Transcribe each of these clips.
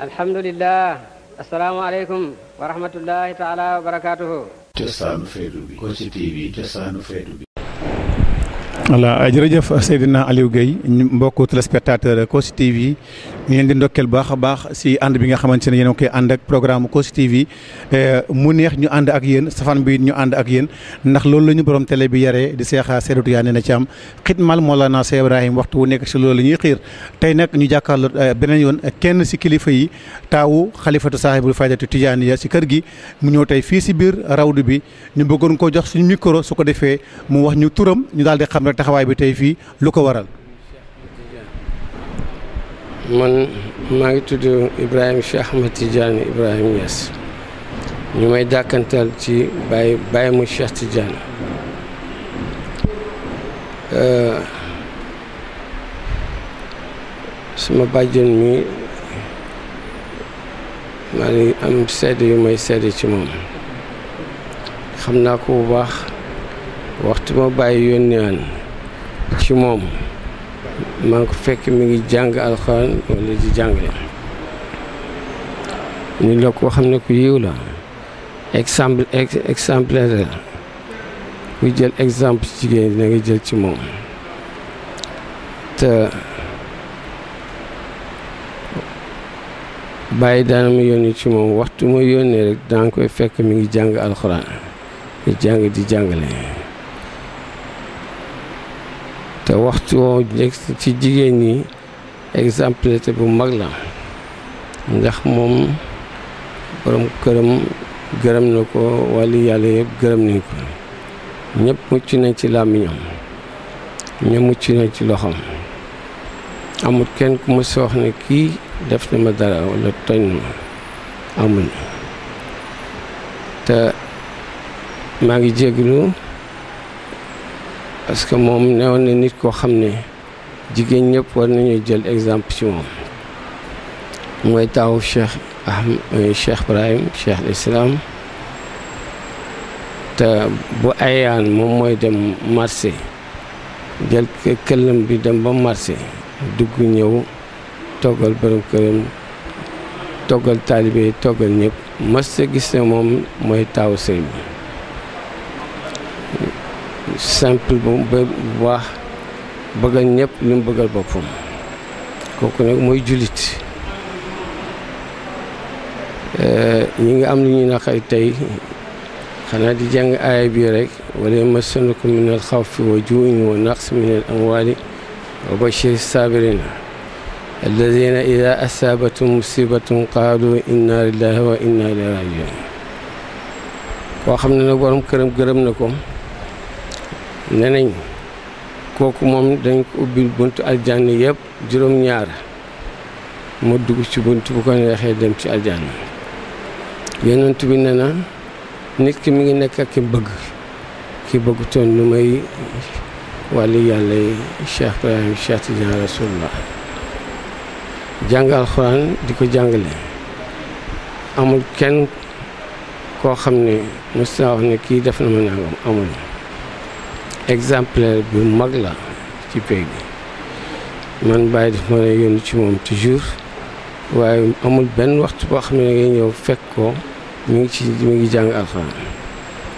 alhamdulilah asalaamaaleykum wa rahmatullahi taala wa barakaatuhu cosaanu feetu bi Kossy TV cosaanu feetu bi voilà jërëjëf Seydina Aliou Guèye mbokku TV ñu leen di ndokkeel baax a baax si ànd bi nga xamante ne yéen a koy ànd ak programme Kossy TV eh, mu neex ñu ànd ak yéen safan bi ñu ànd ak yéen ndax loolu la ñu borom télé bi yaree di seexaa Seydou yaa na ci am xitmal Mawlana Cheikh Ibrahim waxtu wu nekk si loolu la ñuy xiir tey nag ñu jàkkaarloo eh, beneen yoon kenn si kilifa yi taawu xalifatu saahibul faydatu ya si kër gi mu ñëw tey fii si biir rawdu bi ñu bëggoon koo jox suñu micro su ko defee mu wax ñu turam ñu daal xam rek taxawaay bi tey fii lu waral man maa ngi tudd ibrahim Cheikh Ahmed Tidiane Ibrahima Niass ñu may dàkkantal ci Baye Baye mu Cheikh euh, suma bàjjen mi maa ngi am seede yu may seede ci moom xam naa ko bu baax waxtu ma bàyyi yónnee ci moom maa ngi ko fekk mi ngi jàng alxuraan wala di jàngale ñu la koo xam ne ku yiw la exemple exemplaire la kuy jël exemple jigéen dina ngi jël ci moom te bàyyi daana ma yónni ci moom waxtu ma yónnee rek danga fekk mi ngi jàng alxuraan ngi jàng di jàngale te waxtu woo ci jigéen ñi exemplarité bu mag la ndax moom borom këram gërëm na ko wàllu yàlla yëpp gërëm nañ ko ñëpp mucc nañ ci làmmiñam ñu mucc nañ ci loxoom amul kenn ku mës wax ne kii def na ma dara wala toñ ma amul te maa ngi jéglu parce que moom newoon na nit koo xam ne jigéen ñëpp war nañu jël exemple ci moom mooy taawu cheikh ahmed euh, cheikh ibrahim cheikh te bu ayaan moom mooy dem marché jël këllam bi dem ba marché dugg ñëw toggal borom këram toggal taalibe toggal ñëpp mës a gis ne moom mooy taawu sëriñ bi simple bu baax bëggal ñëpp li mu bëggal boppam kooku nag mooy julit eh, ñi nga am lu ñu naqari tey xanaa di jàng aaya rek wala massanakum minal xawfi wa juu'in wa naqsi minal amwaali wa bashiri saabiriina alladiina idaa asaabathum musiibatun qaaluu innaa lillaahi wa innaa ilayhi raaji'uun koo xam ne nag borom këram gërëm na ko ne kooku moom dañ ko ubbi bunt aljanna yëpp juróom-ñaar mu dugg ci bunt bu ko neexee dem ci aljanna yonent bi ne nit ki mu ngi nekk ak ki bëgg ki bëggutoon nu may wàlli yàlla yi Cheikh Ibrahim Cheikh Tidiane Rasulullah jàngal alxuraan di ko jàngale amul kenn koo xam ne mu naa ne kii def na ma nangam amul exemplaire bi mag la ci pay bi man bàyyi def ma lay ci moom toujours waaye amul benn waxtu boo xam ne ngay ñëw fekk ko mu ngi ci mu ngi jàng alxuraan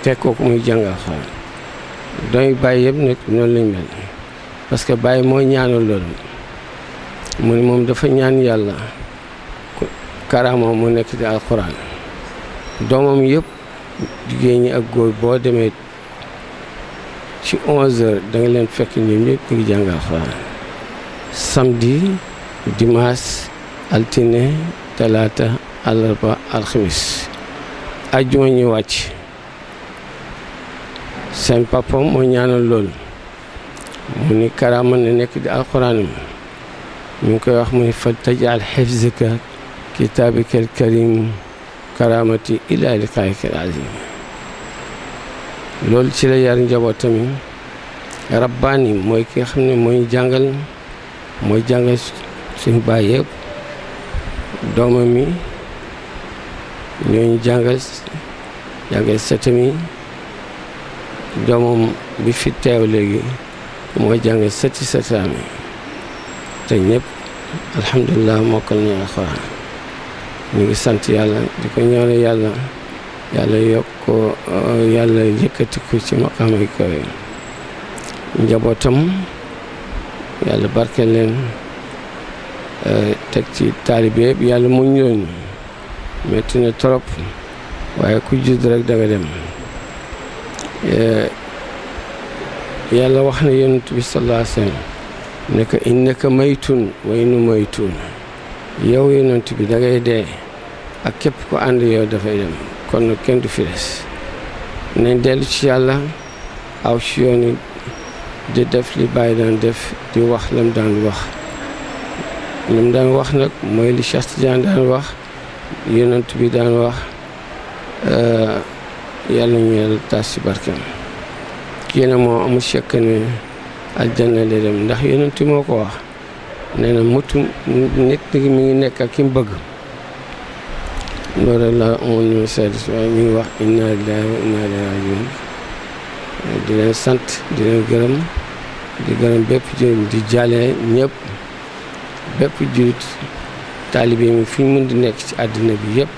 fekk ko muy jàng alxuraan dooy parce que bàyyi moo ñaanal loolu moom dafa ñaan yàlla karaama mu nekk di alxuraan doomam yëpp jigéen ñi ak góor boo demee ci 11 leen fekk ñoom ñëpp ñu ngi jàng alxuraan samedi dimanche altine talaata àllarba alxamis ajjuma ñu wàcc seen papam moo ñaanal loolu mu ni karaama na nekk di alxuraanam ñu ngi koy wax mu ni fa tajal xifzika kitaabikal karim karaamati ilaa liqaayikal azim loolu ci la yar njaboot tamit rabbaani mooy ki xam ne mooy jàngal mooy jàngal suñu baay yëpp doomam mi ñooñu jàngal jàngal satami doomam bi fi teew léegi mooy jàngal sati sataami te ñëpp alhamdulilah mokkal nañu ñu ngi sant yàlla di ko ñaanal yàlla yàlla yokk ko euh, yàlla yëkkati ko ci maqaamay kawe njabootam yàlla barke leen euh, teg ci taalibe bi yàlla muñ leen metti na trop waaye ku judd rek danga dem euh, yàlla wax na yonent bi sallallahu alayhi wa sallam ne ko innaka maytun wa innu bi dangay dee ak képp ko ànd yow dafay dem kon na kenn du fi des nañ dellu ci yàlla aw ci yoon di def li bàyyi daan def di wax lam daan wax lam daan wax nag mooy li Cheikh daan wax yonent bi daan wax eh, yàlla ñu yàlla taas ci kii na moo amul chekk ne aljanna dem ndax yonent moo ko wax nee na nit mi ngi nekk ak ki mu bëgg loolu la amoon ñu satisfait ñu ngi wax inna lillahi wa inna ilayhi rajiun di leen sant di leen gërëm di gërëm di ñëpp bépp jullit taalibe mi di nekk ci àddina bi yëpp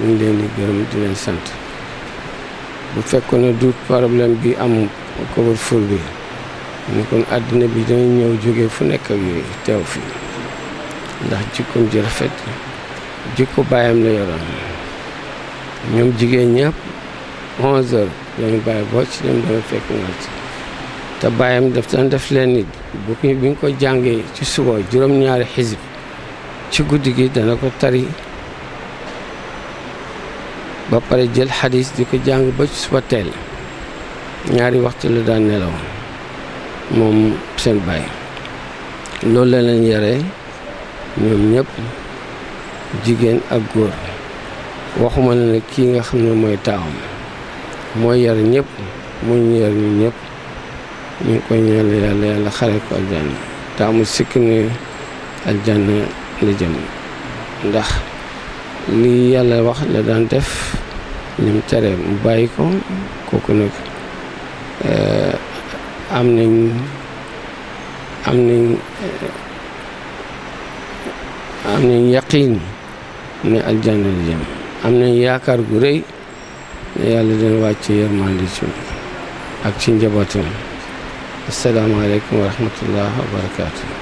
ñu ngi leen di gërëm di sant bu fekkoon ne du problème bi am couvre-feu bi ñu kon àddina bi dañu ñëw jóge fu nekk ak yooyu teew fi ndax jikkoom ji rafet jikko baayam la yoroon ñoom jigéen ñépp 11 heures dañu bàyyi boo ci dem dama fekk nga ci te bàyyam daf daan def leen nit bu bi nga ko jàngee ci suba juróom-ñaari xisib ci guddi gi dana ko tari ba pare jël xadis di ko jàng ba ci suba teel ñaari waxtu la daan nelaw moom seen bàyyi loolu leen yare ñoom ñëpp jigéen ak góor waxuma ne nag kii nga xam ne mooy taawam mooy yar ñëpp mooy ñu yar ñu ñëpp ñu ngi koy yàlla yàlla xare ko aljanna te amul sikk ne aljanna la jëm ndax li yàlla wax la daan def lim tere mu bàyyi ko kooku nag eh, am nañ am nañ eh, am nañ yaqiin ne aljanna la jëm am na yaakaar gu rëy ne yàlla dina wàcce yërmande ci ak ci njabootam asalaamaaleykum wa rahmatullah wa barakaatu.